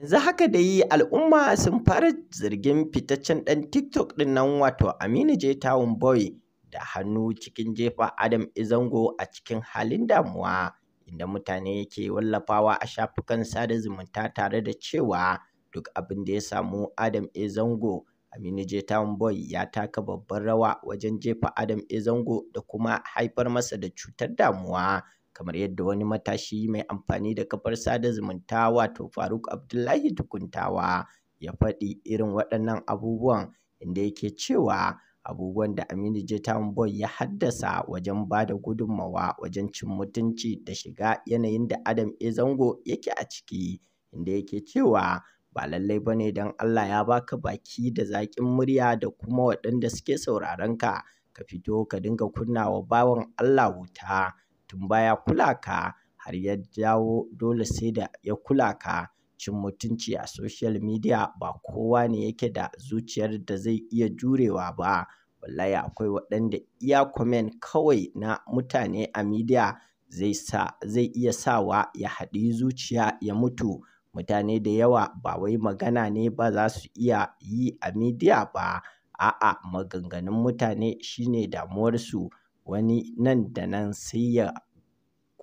yanzu haka da yi, al'umma sun fara zargin fitaccen ɗan tiktok ɗin nan wato aminu j town boy da hannu cikin jefa adam izango a cikin halin damuwa inda mutane ke wallafawa a shafukan sada zumunta tare da cewa duk abin da ya samu adam izango aminu j town boy ya taka babbar rawa wajen jefa adam izango da kuma haifar masa da cutar damuwa kamar yadda wani matashi mai amfani da kafar sada zumunta wato Faruk Abdullahi Tukuntawa ya faɗi irin waɗannan abubuwan inda yake cewa abubuwan da Aminu J Boy ya haddasa wajen ba da gudunmawa wajen cin mutunci da shiga yanayin da Adam A Zango yake a ciki inda yake cewa ba lallai bane don Allah ya baka baki da zaƙin murya da kuma waɗanda suke sauraron ka ka fito ka dinga kunnawa bawan Allah wuta tun baya kula ka har ya jawo dole sai da ya kula ka cin mutunci a social media ba kowa ne yake da zuciyar da zai iya jurewa ba wallahi akwai waɗanda iya comment kawai na mutane a media zai sa zai iya sawa ya haɗi zuciya ya mutu mutane da yawa ba wai magana ne ba za su iya yi a media ba a'a maganganun mutane shine damuwarsu wani nan da nan sai ya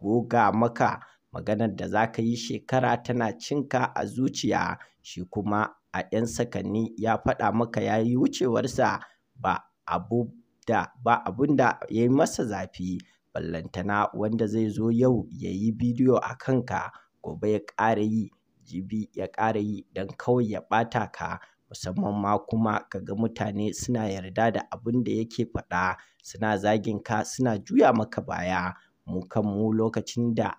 goga maka maganar da za ka yi shekara tana cinka a zuciya shi kuma a 'yan sakanni ya faɗa maka ya yi wucewarsa ba abu da ba abun da ya yi masa zafi ballantana wanda zai zo yau ya yi bidiyo a kanka gobe ya ƙara yi jibi ya ƙara yi don kawai ya ɓata ka musamman ma kuma ka ga mutane suna yarda da abin da yake faɗa suna zagin ka suna juya maka baya mu kanmu lokacin da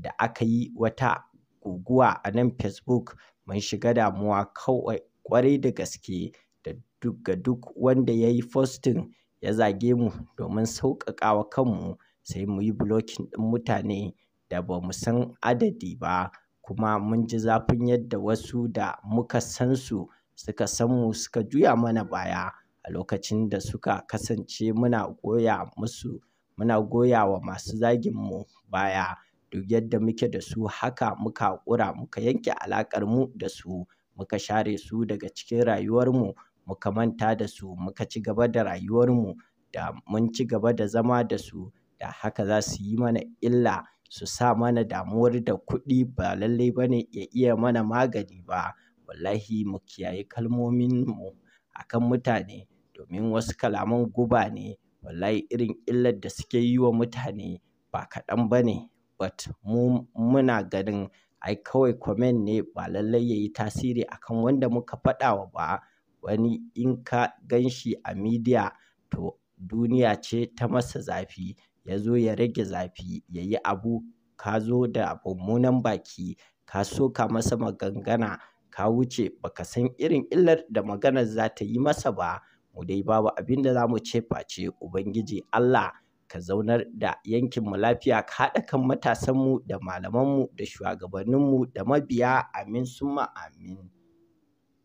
da aka yi wata guguwa a nan facebook mun shiga damuwa kawai kwarai da gaske da ga duk wanda ya yi posting ya zage mu domin sauƙaƙawa kanmu sai mu yi blocking ɗin mutane da ba mu san adadi ba kuma mun ji zafin yadda wasu da muka san su suka san mu suka juya mana baya a lokacin da suka kasance muna goya musu muna goya wa masu zagin mu baya duk yadda muke da su haka muka haƙura muka yanke alaƙar mu da su muka share su daga cikin rayuwar mu muka manta da su muka ci gaba da rayuwar mu da mun ci gaba da zama da su da haka za su yi mana illa su sa mana damuwar da kuɗi ba lallai ba ne ya iya mana magani ba. Wallahi mu kiyayi kalmomin mu akan mutane domin wasu kalaman guba ne. Wallahi irin illar da suke yi wa mutane ba kaɗan ba ne. But mu muna ganin ai kawai comment ne ba lallai ya yi tasiri akan wanda muka faɗa wa ba. Wani in ka gan shi a midiya to duniya ce ta masa zafi. ya zo ya rage zafi ya yi abu ka zo da mummunan baki ka soka masa magangana ka wuce "Ba ka san irin illar da maganar za ta yi masa ba mu dai babu abin da za mu ce face ubangiji Allah ka zaunar da yankin mu lafiya ka haɗa kan matasanmu da malamanmu da shugabanninmu da mabiya amin summa amin